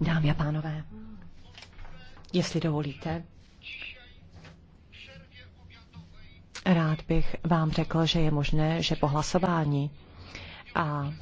Dámy a pánové, jestli dovolíte, rád bych vám řekl, že je možné, že po hlasování a